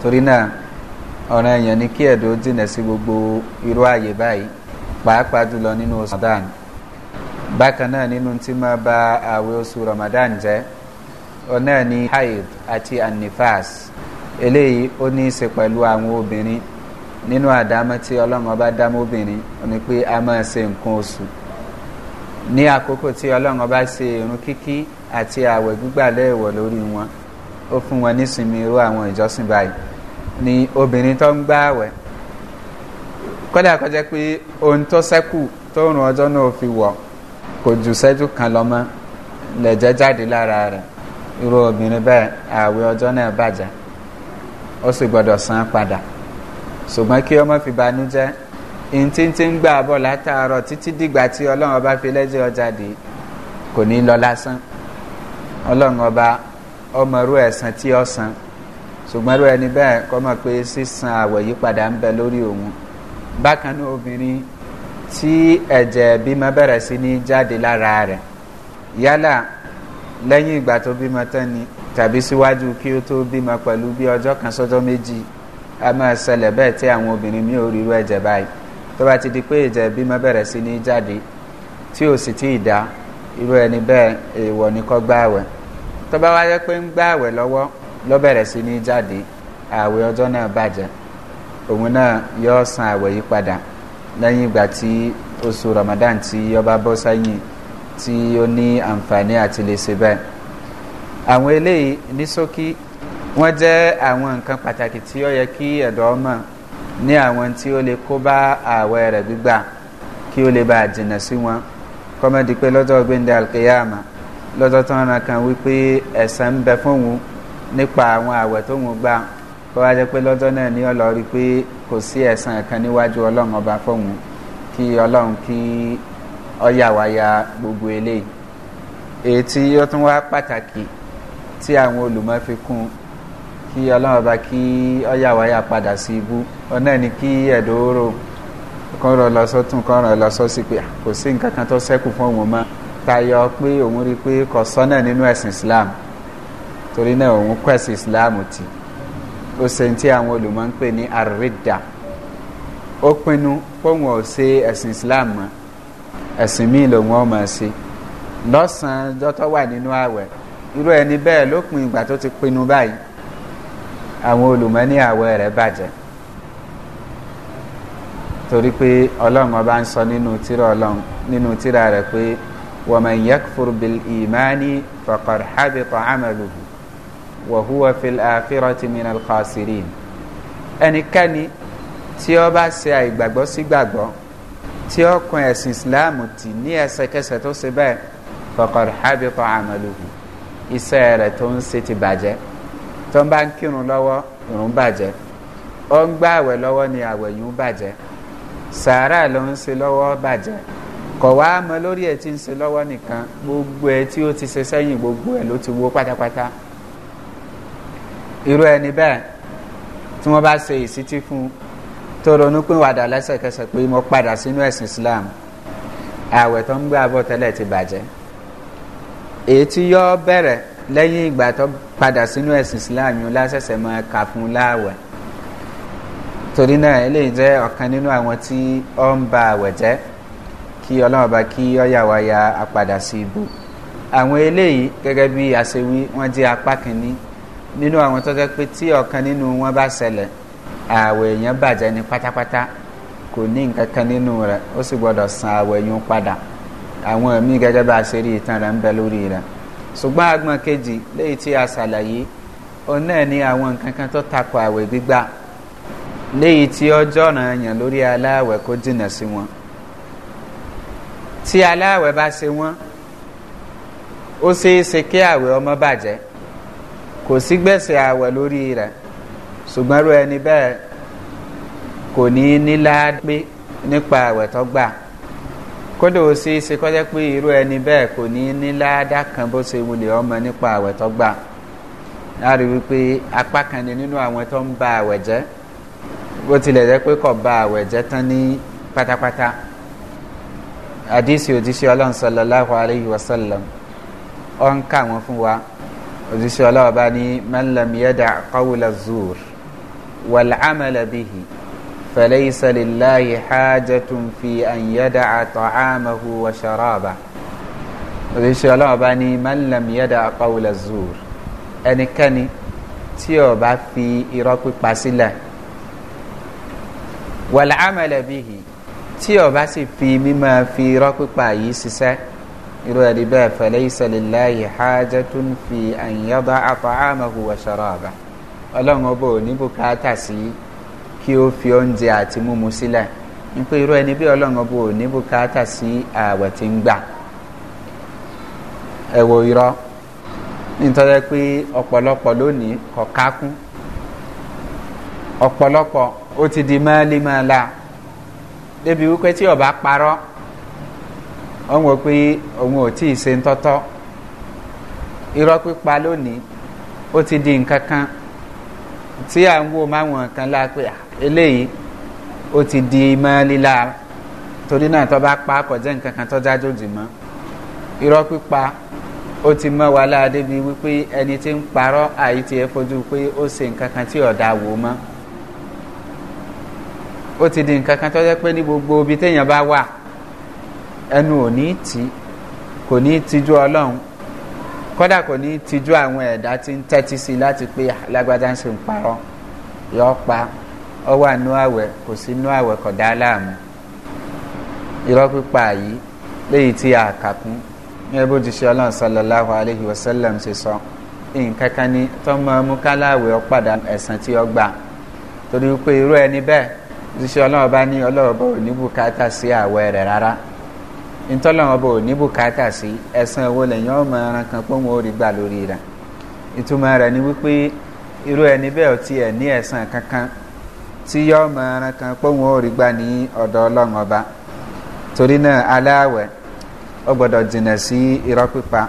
S1: torí náà ọ̀ràn èèyàn ní kí ẹ̀dọ́ jìnà sí gbogbo irú ààyè báyìí pàápàá jùlọ nínú oṣù ramadan bákan náà nínú tí máa ba àwẹ̀ oṣù ramadan jẹ́ ọ̀nà ní haid àti anifas eléyìí ó ní í ṣe pẹ̀lú àwọn obìnrin nínú àdámọ́ tí ọlọ́run ọba dámóbìnrin ni pé a máa ṣe nǹkan oṣù ní àkókò tí ọlọ́run ọba ṣe irun kíkí àti ààwẹ̀ gbígbà lẹ́ẹ̀wọ̀ lórí wọn ó fún wọn nísinmi irú àwọn ìjọsìn báyìí ni obìnrin tó ń gbá ààwẹ̀ kódà kọjá pé ohun tó sẹ́kù tó rùn ọjọ́ náà fi wọ̀ kò ju sẹ́jú kan lọ lẹ̀jẹ̀ jáde lára rẹ̀ irú obìnrin bẹ́ẹ̀ ààwẹ̀ ọjọ́ náà bàjẹ́ ó sì gbọ́dọ̀ san padà ṣùgbọ́n kí ọmọ fi banújẹ́ ntí tí ń gbà bọ̀ látàárọ̀ títí dìgbà tí ọlọ́run ọba fi lẹ́jọ́ jáde kò ní lọ lásán ọlọ́run ọba ọmọrú ẹ̀sán tí ó san ṣùgbọ́n rú ẹni bẹ́ẹ̀ kọ́ mọ̀ pé sísan àwẹ̀ yípadà ń bẹ lórí òun bákan náà obìnrin tí ẹ̀jẹ̀ bímọ bẹ̀rẹ̀ sí ní jáde lára rẹ̀ yálà lẹ́yìn ìgbà tó bímọ tán ni tàbí síwájú kí ó tó bímọ pẹ̀lú bí ọjọ́ kan sọ́jọ́ méjì a máa ṣẹlẹ̀ bẹ́ẹ̀ tí àwọn obìnrin mi ò ríru ẹ̀jẹ̀ báyìí tó bá ti di pé ẹ̀jẹ̀ bímọ bẹ̀rẹ̀ sí ní jáde tí ò sì tí ì dá irú ẹni bẹ́ẹ̀ èèwọ̀ ni kọ́ gbáàwẹ̀ tó bá wáyé pé ń gbáàwẹ̀ lọ́wọ́ ló bẹ̀rẹ̀ sí ní jáde ààwẹ̀ ọjọ́ náà bàjẹ́ òun náà yọ san ààwẹ̀ yí padà lẹ́yìn ìgbà tí oṣù ramadan tí ọba bọ́ sẹ́yìn tí ó ní àǹfààní àti lè ṣe bẹ́ẹ̀ àwọn eléyìí ní ṣókí wọ́n jẹ́ àwọn nǹkan pàtàkì tí ó yẹ kí ẹ̀dọ́ ọmọ ní àwọn tí ó lè kó bá ààwẹ̀ rẹ̀ gbígbà kí ó lè bá jìnà sí wọn kọ́mọ́dé pé lọ́jọ́ gbẹ̀ndẹ̀ alkeyama lọ́jọ́ tó ń ran kan wípé ẹ̀sán ń bẹ fóun nípa àwọn ààwẹ̀ tó ń gbà kó wá jẹ́ pé lọ́jọ́ náà ní ọlọ́rí pé kò sí ẹ̀sán kan níwájú ọlọ́run ọba fóun kí ọlọ́run kí ọyàwáyà gbogbo eléyìí èyí tí ó tún wá pàtàkì tí àwọn olùmọ́ fi kún un kí ọlọ́run ọba kí ọyà wáyà padà sí ibú ọ̀nà ni kí ẹ̀dọ́rọ̀ kan rọ lọ sọ́tún kan rọ lọ sọ́sí pé kò sí nǹkan kan tó sẹ́kù fún òun mọ́ tayọ pé òun rí pé kò sọ́nà nínú ẹ̀sìn islam torí náà òun kọ́ ẹ̀sìn islam tì ó ṣe tí àwọn olùmọ̀ ń pè ní àrídà ó pinnu póun ò ṣe ẹ̀sìn islam mọ́ ẹ̀sìn míì lòun ò mọ̀ ṣe lọ́sàn-án jọ́tọ̀ wà nínú ààwẹ̀ irú ẹni bẹ́ẹ̀ lópin ìgbà tó ti pinnu báyìí àwọn olùmọ́ní àwọ̀ rẹ̀ bàjẹ́ torí pé ọlọ́run ọba ń sọ nínú tíra ọlọ́run nínú tíra rẹ̀ pé wọ́mọ̀ yẹ́kfur bil ìmáni fọkàn hábìtọ̀ àmàlùkù wọ̀húwọ́ fi àfihàn ti mìíràn kọ́ sírí ẹnikẹ́ni tí ó bá ṣe àìgbàgbọ́ sí gbàgbọ́ tí ó kun ẹ̀sìn islam tì ní ẹsẹ̀kẹsẹ̀ tó ṣe bẹ́ẹ̀ fọkàn hábìtọ̀ àmàlùkù iṣẹ́ rẹ̀ tó ń ṣe ti bàjẹ́ tó ń bá ń kírun lọ́wọ́ ìrún bàjẹ́ ó ń gbá àwẹ̀ lọ́wọ́ ni àwẹ̀ yìí ń bàjẹ́ sàárà ló ń se lọ́wọ́ bàjẹ́ kọ̀ wá mọ lórí ẹ̀ tí ń se lọ́wọ́ nìkan gbogbo ẹ̀ tí ó ti se sẹ́yìn gbogbo ẹ̀ ló ti wó pátápátá irú ẹni bẹ́ẹ̀ tí wọ́n bá se ìsítí fún un tó ronú pín wàdà lẹ́sẹ̀kẹsẹ̀ pé mo padà sínú ẹ̀sìn islam àwẹ̀ tó ń gbé abọ́ tẹ́lẹ̀ ti bàjẹ́ èyí tí yọ bẹ̀rẹ̀ lẹ́yìn ìgbà tó padà sínú ẹ̀sìn islam yìí lásẹ̀sẹ̀ máa kà fún láàwẹ̀ torí náà eléyìí jẹ́ ọ̀kan nínú àwọn tí ó ń ba àwẹ̀ jẹ́ kí ọlọ́run bá kí ọ̀yà wa ya àpadà sí ibú àwọn eléyìí gẹ́gẹ́ bí àṣewí wọ́n jẹ́ apá kìíní nínú àwọn tó jẹ́ pé tí ọ̀kan nínú wọn bá ṣẹlẹ̀ àwẹ̀ èèyàn bàjẹ́ ní pátápátá kò ní nǹkan nínú rẹ̀ ó sì gbọ́dọ̀ san àwẹ̀ yún padà àwọn ẹ̀mí gẹ́gẹ́ bá a ṣe rí ìtàn rẹ̀ ń bẹ lórí rẹ̀ ṣùgbọ́n agbọn kejì léyìí tí a ṣàlàyé òun náà ní àwọn nǹkan kan tó takò àwẹ̀ gbígbà léyìí tí ọjọ́ náà yàn lórí aláàwẹ̀ kó jìnà sí wọn tí aláàwẹ̀ bá ṣe wọ́n ó ṣeé ṣe kí àwẹ̀ ọmọ bàjẹ́ kò sí gbèsè àwẹ̀ lórí rẹ̀ ṣùgbọ́n ẹni bẹ́ẹ̀ kò ní nílá pé nípa àwẹ̀ tó gbà kódà ó ṣe é ṣe kọjá pé irú ẹni bẹ́ẹ̀ kò ní ní ládàá kan bó ṣe wulẹ̀ ọmọ nípa àwẹ̀ tó gbà láti wípé apá kan ni nínú àwọn tó ń ba àwẹ̀ jẹ́ bó tilẹ̀ jẹ́ pé kò ba àwẹ̀ jẹ́ tán ní pátápátá àdísì òjíṣẹ́ ọlọ́run sọlọ́láhu aláyhi wasallam ọ ń kà wọ́n fún wa òjíṣẹ́ ọlọ́run bá ní mẹ́lẹ̀mí kọ́wùlà zuur wàlẹ́ فليس لله حاجة في أن يدع طعامه وشرابه òṣìṣẹ́ ọlọ́run bá ní mọ́lẹ̀m yẹ́dà ọ̀pọ̀wùlẹ̀ zuur ẹnikẹ́ni tí ò bá fi irọ́ pípa sílẹ̀ wàlẹ̀ àmàlẹ̀ bíyì tí ò bá sì fi mímọ́ fi irọ́ pípa yìí ṣiṣẹ́ irú ẹni bẹ́ẹ̀ fẹ̀lẹ́ ìṣẹ̀lélá yìí hájẹ́ tó ń fi àyìnyẹ́dà àtọ̀ àmàhùwà ṣọ̀rọ̀ ọ̀bà ọlọ́run ọbọ̀ ò ní bùkátà sí i. kí ó fi oúnjẹ àti múmu sílẹ̀ ní pé irú ẹni bí ọlọ́run ọba ò ní bùkátà sí ààwẹ̀ tí ń gbà ẹ̀wọ̀ irọ́ nítorí pé ọ̀pọ̀lọpọ̀ lónìí kọ̀ kákún ọ̀pọ̀lọpọ̀ ó ti di mọ́límọ́lá débi wípé tí ọba parọ́ wọ́n wọ pé òun ò tíì ṣe ń tọ́tọ́ irọ́ pípa lónìí ó ti di nǹkan kan tí à ń wò máwọn kan lápẹ́ eléyìí ó ti di mọ́ líla torí náà tó bá pa kọjá nǹkan kan tó jájòjì mọ́ irọ́ pípa ó ti mọ́ wa láàdé bíi wípé ẹni tí ń parọ́ àyè ti ẹ̀ fojú pé ó ṣe nǹkan kan tí ọ̀dà wò mọ́ ó ti di nǹkan kan tó jẹ́ pé ní gbogbo ibi téèyàn bá wà ẹnu ò ní tì kò ní tijú ọlọ́run kódà kò ní tijú àwọn ẹ̀dá tí ń tẹ́tí sí i láti pé alágbádá ń ṣe ń parọ́ yọ pa ọ wà nú àwẹ̀ kò sí nú àwẹ̀ kọ̀dá aláàmú irọ́ pípa yìí léyìí tí a kà ní ẹbí òjíṣẹ́ ọlọ́run sallallahu alayhi wa sallam ṣe sọ nǹkan kan ní tọ́mọ mukaláwẹ̀ ọ padà ẹ̀sán tí ọ gbà torí pé irú ẹni bẹ́ẹ̀ òjíṣẹ́ ọlọ́run bá ní ọlọ́run bá ní bùkátà sí àwẹ̀ rẹ̀ rárá ntọ́lọ́wọ́n bò ní bùkátà sí ẹ̀sán owó lẹ́yìn ọmọ ẹran kan pé wọn ò rí gbà lórí rẹ̀ ìtumọ̀ rẹ̀ ni wípé irú ẹni bẹ́ẹ̀ ti ẹ̀ ní ẹ̀sán kankan tí yọ ọmọ ẹran kan pé wọn ò rí gbà ní ọ̀dọ̀ ọlọ́run ọba torí náà aláwẹ̀ ó gbọ́dọ̀ jìnà sí irọ́ pípa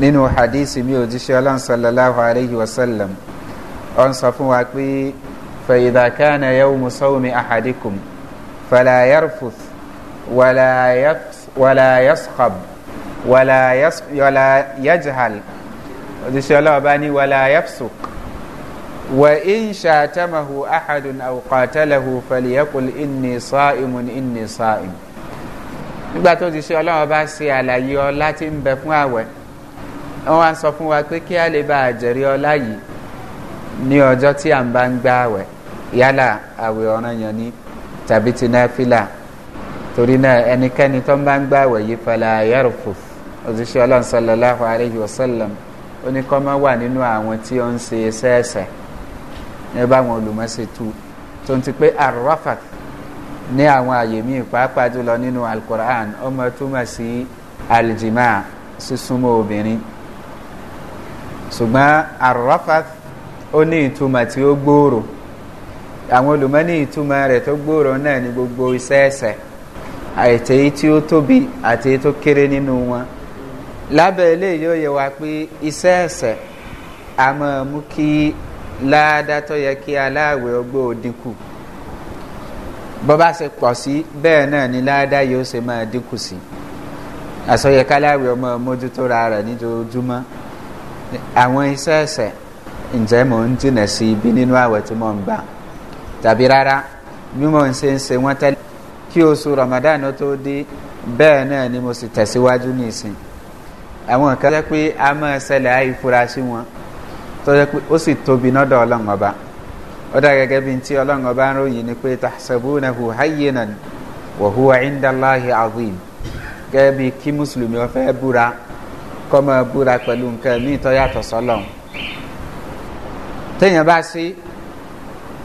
S1: nínú hadisi mi òjíṣẹ́ ọlọ́run sallallahu alayhi wa sallam sọ fún wa pé fẹ̀yìdàkánà yẹ́wò musawumi ahadikum fàlàyẹ́rfùth wàlàyẹ́pt ولا yasqab ولا yajhal òjíṣẹ́ ọlọ́ọ̀bá ní wàlà yapsuk wà in ṣàtàmàhù ahadun àwùkọ̀tẹ́lẹ̀hù fẹ̀lẹ́kùl inni sa'imun إني صائم nígbà tó ti ṣe ọlọ́run bá ṣe àlàyé ọlá tí ń bẹ fún àwẹ̀ wọ́n wá sọ fún wa pé kí a lè bá àjẹrí ọlá yìí ní ọjọ́ tí à ń bá ń gbá àwẹ̀ yálà àwẹ̀ ọ̀ranyàn ni tàbí ti náà fìlà torí náà ẹnikẹ́ni tó ń bá ń gbá àwẹ̀ yìí fẹlẹ̀ ayárùfò òṣìṣẹ́ ọlọ́nsọ̀lọ́láhu aríyí wasallam ó ní kọ́ máa wà nínú àwọn tí ó ń ṣe ẹsẹ̀ẹsẹ̀ ní báwọn olùmọ̀ṣètú tó ń ti pé arrafat ní àwọn àyè míì pàápàá jùlọ nínú alukur'an ọmọ túmọ̀ sí aljima sísúnmọ́ obìnrin ṣùgbọ́n arrafat ó ní ìtumọ̀ tí ó gbòòrò àwọn olùmọ̀ ní ìtumọ̀ rẹ̀ tó gbòòrò náà ní gbogbo iṣẹ́ ẹsẹ̀ àìtẹ́yí tí ó tóbi àti èyí tó kéré nínú wọn lábẹ́ ilé yóò yẹ wa pé iṣẹ́ ẹ̀sẹ̀ a máa mú kí láàdá tó yẹ kí aláàwẹ̀ ọgbọ́ dínkù bọ́ bá ṣe pọ̀ sí bẹ́ẹ̀ náà ni láàdá yóò ṣe máa dínkù sí àsọyẹ káláàwẹ̀ ọmọ mójútó ra rẹ̀ níjojúmọ́ àwọn iṣẹ́ ẹ̀sẹ̀ ǹjẹ́ mò ń jìnà sí ibi nínú àwẹ̀ tí mò ń gbà tàbí rárá bí mò ń ṣe ń ṣe wọ́n tẹ́lẹ̀ kí oṣù ramadan tó dé bẹ́ẹ̀ náà ni mo sì tẹ̀síwájú ní ìsìn àwọn kan jẹ́ pé a máa ṣẹlẹ̀ àìfurasí wọn tó jẹ́ pé ó sì tóbi nọ́dọ̀ ọlọ́run ọba ó dá gẹ́gẹ́ bí tí ọlọ́run ọba ń ròyìn ni pé tahsabunahu hayyinan wa huwa indallahi azim gẹ́gẹ́ bí kí mùsùlùmí ó búra kọ́ máa búra pẹ̀lú nǹkan míì tó yàtọ̀ sọ́lọ́run téèyàn bá ṣe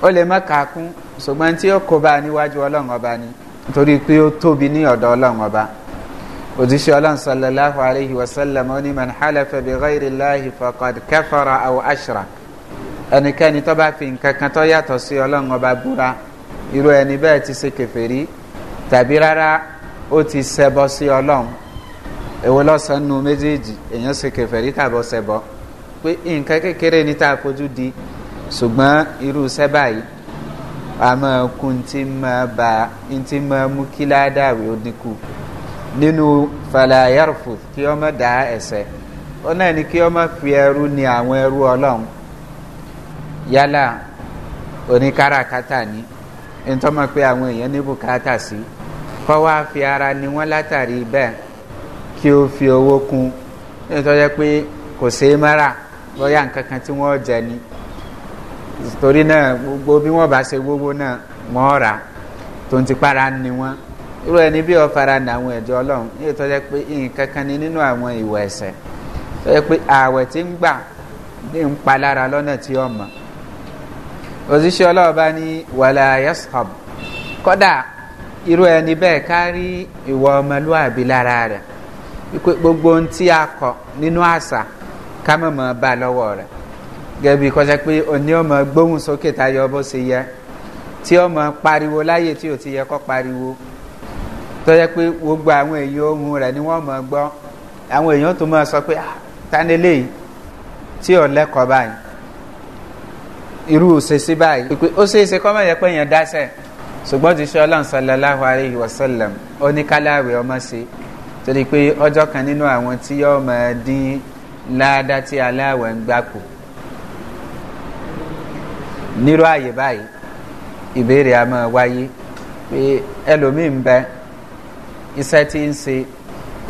S1: ó lè má kàákún ṣùgbọ́n tí ó kó bá níwájú ọlọ́run ni torí pé ó tóbi ní ọ̀dọ̀ ọlọ́run ọba òjíṣẹ́ ọlọ́run sallallahu alayhi wa sallam ó ní man halafa bi ghayri lahi faqad kafara aw ashra ẹnikẹ́ni tó bá fi nǹkan kan tó yàtọ̀ sí ọlọ́run ọba búra irú ẹni bẹ́ẹ̀ ti ṣe kẹfẹ́rí tàbí rárá ó ti ṣẹbọ sí ọlọ́run èwo lọ́sàn-án nu méjèèjì èèyàn ṣe kẹfẹ́rí tàbọ̀ ṣẹbọ pé nǹkan kékeré ní tá a fojú di ṣùgbọ́n irú iṣẹ́ báyìí àmọ́ kun tí máa bá ntí máa mú kí ládàá rẹ̀ ó dínkù nínú falayarfu kí ọmọ dá ẹsẹ̀ ó náà ní kí ọmọ fi ẹrú ni àwọn ẹrú ọlọ́run yálà oníkáràkátà ni ntọ́mọ̀ pé àwọn èèyàn ní bùkátà sí kọ́ wá fi ara ni wọ́n látàrí bẹ́ẹ̀ kí ó fi owó kun nítorí pé kò ṣeé mọ́ra lọ́yà nǹkan kan tí wọ́n jẹ ni torí náà gbogbo bí wọ́n bá ṣe gbogbo náà wọ́n rà tó ń ti para ni wọ́n irú ẹni bí ọ̀fara ní àwọn ẹ̀jọ́ ọlọ́run ní ìtọ́jẹ́ pé nǹkan kan ni nínú àwọn ìwà ẹ̀sẹ̀ tó yẹ pé ààwẹ̀ tí ń gbà ní ń palára lọ́nà tí ó mọ̀ òṣìṣẹ́ ọlọ́ọ̀bá ní wàlá yasab kọ́dà irú ẹni bẹ́ẹ̀ kárí ìwọ ọmọlúwàbí lára rẹ̀ gbogbo ohun tí a kọ nínú àṣà ká mọ̀ bá lọ́wọ́ rẹ̀ gẹ̀ẹ́bí kọjá pé òní ọmọ gbóhùn sókè tayọ bó ṣe yẹ tí ọmọ pariwo láyè tí ò ti yẹ kọ́ pariwo tó pé gbogbo àwọn èèyàn ohun rẹ̀ ni wọ́n mọ̀ gbọ́ àwọn èèyàn tó máa sọ pé ah, tánilé tí ò lẹ́kọ̀ọ́ báyìí irú òṣèṣe báyìí pé ó ṣeéṣe kọ́ mọ̀ yẹ pé èèyàn dáṣẹ̀ ṣùgbọ́n ti ṣe ọlọ́run sọlọ láhùn àríyí wọ́sọ̀lẹ̀m ó ní káláàwé ọmọ ṣe torí pé ọjọ́ kan nínú àwọn tí yóò máa dín láàdá tí aláàwẹ̀ ń gbà nírú àyè báyìí ìbéèrè a máa wáyé pé ẹlòmíì ń bẹ iṣẹ́ tí ń ṣe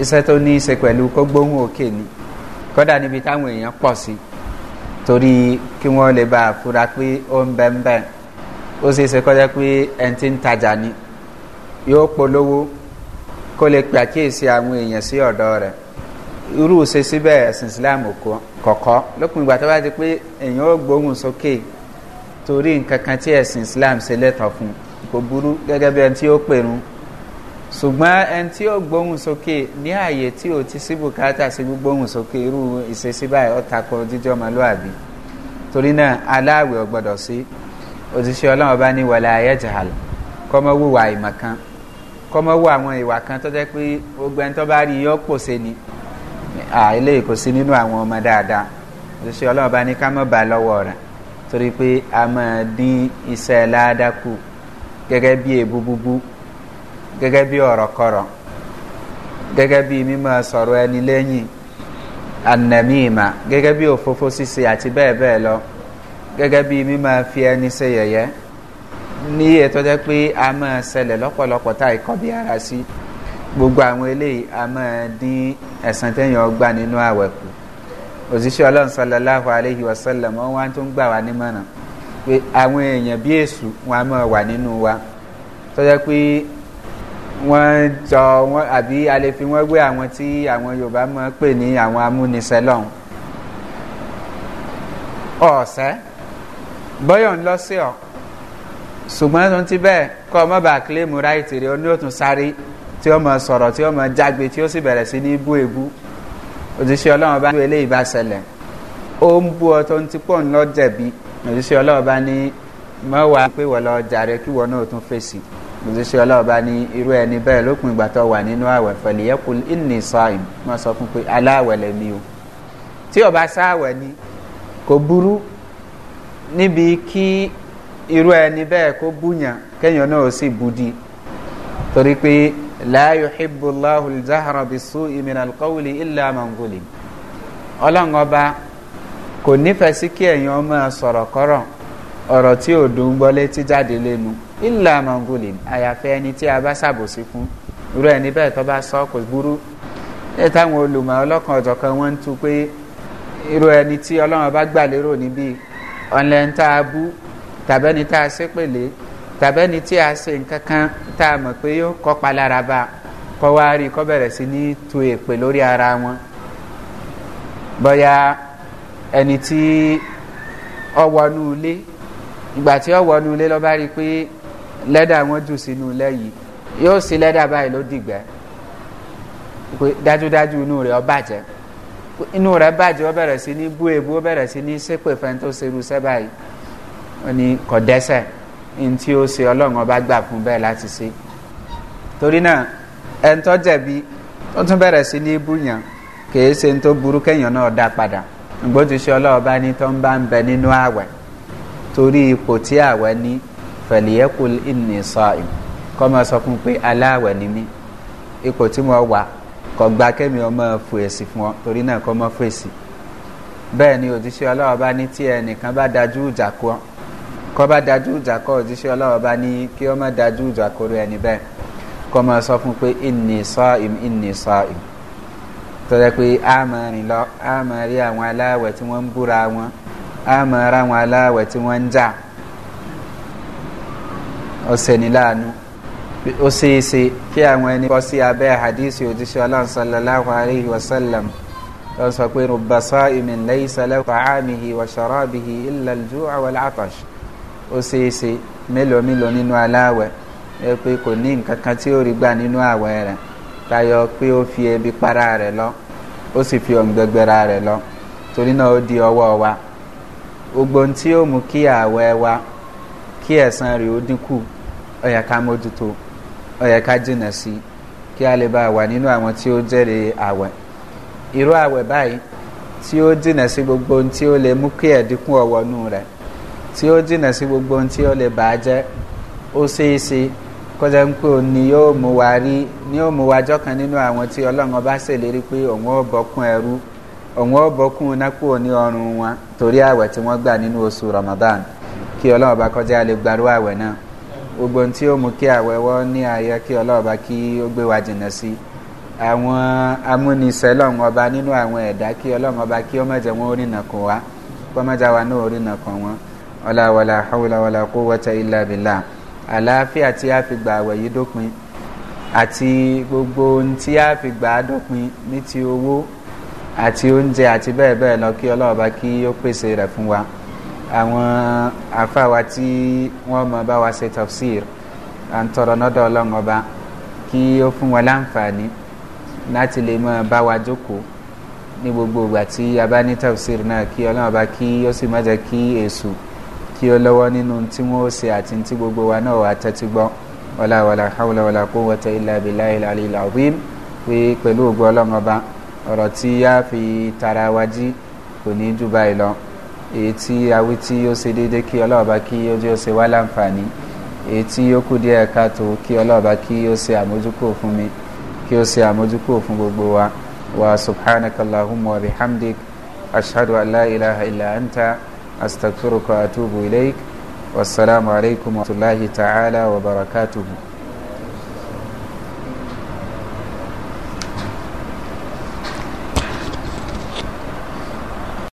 S1: iṣẹ́ tó ní í ṣe pẹ̀lú kó gbóhùn òkè ni kódà níbi táwọn èèyàn pọ̀ sí torí kí wọ́n lè bá a fura pé ó ń bẹ ń bẹ ó ṣe é ṣe kọjá pé ẹni tí ń tajà ni yóò polówó kó lè pè àkíyèsí àwọn èèyàn sí ọ̀dọ́ rẹ̀ irú ṣe síbẹ̀ ẹ̀sìn islam kọ̀ọ̀kọ́ lópin ìgbà tó bá ti pé èèyàn ó gbóhùn sókè torí nǹkan kan tí ẹ̀sìn islam ṣe lẹ́tọ̀ fún kò burú gẹ́gẹ́ bí ẹni tí ó pèrún ṣùgbọ́n ẹni tí ó gbóhùn sókè ní ààyè tí ò ti sí bùkátà sí gbígbóhùn sókè irú ìṣesí báyìí ó takọ jíjọ́ ọmọlúwàbí torí náà aláàwẹ̀ ò gbọ́dọ̀ sí òṣìṣẹ́ ọlọ́run bá ní wàlẹ̀ ayẹ́jàl kọ́mọ wùwà ìmọ̀ kan kọ́mọ wù àwọn ìwà kan tó jẹ́ pé gbogbo tó bá rí yọ pòṣe ni eléyìí kò sí nínú àwọn ọmọ dáadáa òṣìṣẹ́ ọlọ́run bá ní ká mọ̀ bá lọ́wọ́ rẹ̀ torí pé a máa dín iṣẹ́ ládàkù gẹ́gẹ́ bí èbú gẹ́gẹ́ bí ọ̀rọ̀ gẹ́gẹ́ bí mímọ sọ̀rọ̀ ẹni lẹ́yìn anamíìmà gẹ́gẹ́ bí òfófó ṣíṣe àti bẹ́ẹ̀ bẹ́ẹ̀ lọ gẹ́gẹ́ bí mímọ fi ẹni ṣe ní ètò jẹ́ pé a máa ṣẹlẹ̀ lọ́pọ̀lọpọ̀ gbogbo àwọn eléyìí a máa dín ẹ̀sán nínú òṣìṣẹ́ ọlọ́run sọlọ́láhu aleyhi wa sọlọ́m wọn wá tó ń gbà wá nímọ̀ràn pé àwọn èèyàn bí èṣù wọn a máa wà nínú wa tọ́jà pé wọ́n jọ wọ́n àbí a lè fi wọ́n wé àwọn tí àwọn yorùbá máa pè ní àwọn amúnisẹ́ lọ́hùn ọ̀sẹ́ bọ́yọ̀ ń lọ sí ọ ṣùgbọ́n tó ń ti bẹ́ẹ̀ kọ́ ọmọ bá kílèmù ráìtì rẹ̀ ó ní òtún sáré tí ó mọ sọ̀rọ̀ tí ó mọ jágbe tí ó sì bẹ̀rẹ̀ sí ní bú èbú òjíṣẹ́ ọlọ́run bá ní eléyìí bá ṣẹlẹ̀ ó ń bú ọ tó ń ti pọ̀ ńlọ jẹ̀bi òjíṣẹ́ ọlọ́run bá ní mọ́wàá pé wọ́n lọ jàre kí wọ́n náà tún fèsì òjíṣẹ́ ọlọ́run bá ní irú ẹni bẹ́ẹ̀ lópin ìgbà tó wà nínú àwẹ̀ fẹ̀lẹ̀ yẹ kó ìní sọ́ọ̀ìm wọ́n sọ fún pé aláwẹ̀ lẹ́mi o tí ọba sáwẹ̀ ni kò burú níbi kí irú ẹni bẹ́ẹ̀ kó búyàn kéèyàn náà sì budi torí la yuhibbu allahu al-zahra bis-su'i min al-qawli illa man zulim ọlọ́run ọba kò nífẹ̀ẹ́ sí kí èèyàn máa sọ̀rọ̀ kọ́rọ̀ ọ̀rọ̀ tí ò dùn gbọ́ létí jáde lẹ́nu illa man zulim àyàfẹ́ ẹni tí a bá ṣàbòsí fún irú ẹni bẹ́ẹ̀ tó bá sọ kò burú ẹ táwọn olùmọ̀ ọlọ́kan ọ̀jọ̀kan wọ́n ń tu pé irú ẹni tí ọlọ́run ọba gbà lérò níbí ọ̀nlẹ́ntà abú tàbẹ́ni tá a ṣépèlé tàbẹ́ni tí a ṣe nǹkan kan tá a mọ̀ pé yóò kọ́pa lára bá kọ́ wá rí kọ́ bẹ̀rẹ̀ sí ní tu èpè lórí ara wọn bọ́yá ẹni tí ọ wọnú ilé ìgbà tí ọ wọnú ilé lọ́ba rí pé lẹ́dà wọn jù sínú ilé yìí yóò sí lẹ́dà báyìí ló dìgbẹ́ pé dájúdájú inú rẹ̀ ọ bàjẹ́ inú rẹ̀ bàjẹ́ ọ bẹ̀rẹ̀ sí ní bú èbú ọ bẹ̀rẹ̀ sí ní sépè fẹ́ntó serú sẹ́ báyìí wọ́n ní kò dẹ́sẹ̀ n tí ó ṣe ọlọ́run ọba gbà fún bẹ́ẹ̀ láti ṣe torí náà ẹni tó jẹ̀bi tó tún bẹ̀rẹ̀ sí ní búyàn kìí ṣe tó burú kéèyàn náà dá padà ǹgbọ́n ṣe ọlọ́run ọba ní tó ń bá ń bẹ nínú àwẹ̀ torí ipò tí àwẹ̀ ní fẹ̀lìyẹ́kù ìní sọ ìm kọ́ máa sọ fún pé aláwẹ̀ ni mí ipò tí mo wà kọ̀ gba kémi ọmọ fèsì fún ọ torí náà kọ́ mọ́ fèsì bẹ́ẹ̀ ni òjíṣẹ́ ọlọ́run ọba ní tí ẹnìkan bá dájú ìjà kọ́ kọ́ bá dájú ìjà kọ́ òjíṣẹ́ ọlọ́wọ́ bá ní kí ọ má dájú ìjà kóró ẹni bẹ́ẹ̀ kọ́ máa sọ fún pé ìní sọ ìm ìní sọ ìm tọ́jọ́ pé a máa rìn lọ a máa àwọn aláwẹ̀ tí wọ́n ń búra wọn a àwọn aláwẹ̀ tí wọ́n ń jà ọ̀sẹ̀ ní ó ṣeé ṣe kí àwọn ẹni bọ́ sí abẹ́ hadisi òjíṣẹ́ ọlọ́run sallallahu alayhi wa sallam lọ́n sọ pé rubasọ́ ìmìnlẹ́yìí sọlẹ́ ó ṣeé ṣe mélòó mélòó nínú aláwẹ̀ ẹ pé kò ní nǹkan kan tí ó rí gbà nínú àwẹ̀ rẹ̀ tayọ pé ó fi ebi para rẹ̀ lọ ó sì fi òǹgbẹ̀gbẹ̀ra rẹ̀ lọ torí náà ó di ọwọ́ wa gbogbo ohun tí ó mú kí àwẹ̀ wa kí ẹ̀san rẹ̀ ó dínkù ó ká mójútó ó ká jìnà sí kí a lè bá wà nínú àwọn tí ó jẹ́rìí àwẹ̀ irú àwẹ̀ báyìí tí ó jìnà sí gbogbo ohun tí ó lè mú kí ẹ̀dínkù ọ̀wọ́nú rẹ̀ tí ó jìnà sí gbogbo ohun tí ó lè bàá jẹ́ ó ṣeéṣe kọjá ń pé ó ni yóò mú wa rí ni yóò mú wa nínú àwọn tí ọlọ́run ọba ṣèlérí pé òun ó bọ́kún ẹrú òun ó bọ́kún nápò ní ọrùn wọn torí àwẹ̀ tí wọ́n ramadan kí ọlọ́run kọjá lè gbarú àwẹ̀ náà gbogbo ohun tí ó mú kí àwẹ̀ wọ́n ní kí ọlọ́run kí ó gbé wa jìnà sí àwọn amúnisẹ́ lọ́run ọba nínú ọ̀la wàlà hàwùlà wàlà kó wọ́tẹ̀ ilà bìlà àlàáfíà tí a fi gbà àwẹ̀ yìí dópin àti gbogbo ohun tí a fi gbà á dópin ní ti owó àti oúnjẹ àti bẹ́ẹ̀ bẹ́ẹ̀ lọ kí ọlọ́run bá kí ó pèsè rẹ̀ fún wa àwọn àfàwà tí wọ́n mọ bá wa ṣe tafsir à ń tọrọ nọ́dọ̀ ọlọ́run kí ó fún wa láǹfààní láti lè mọ bá wa jókòó ní gbogbo ìgbà tí a bá ní tafsir náà kí ọlọ́run kí ó sì má jẹ́ kí èso. E kí ó lọ́wọ́ nínú tí wọ́n ó ṣe àti tí gbogbo wa náà wà tẹ́tí gbọ́ wọlá wàlá hàwùlà wàlá kó wọ́tẹ ilà abilà ilà ilà òbím pé pẹ̀lú ògbó ọlọ́run ọba ọ̀rọ̀ tí yá fi tara wa jí kò ní jù báyìí lọ èyí tí awí tí ó ṣe déédéé kí ọlọ́ọ̀bá kí ó jẹ́ ṣe wá láǹfààní èyí tí ó kù díẹ̀ káàtó kí ọlọ́ọ̀bá kí ó ṣe àmójúkò fún mi kí ó ṣe àmójúkò fún gbogbo wa wa subhanakallahumma wa bihamdik ashhadu an ilaha illa anta. أستغفرك وأتوب إليك والسلام عليكم ورحمة الله تعالى وبركاته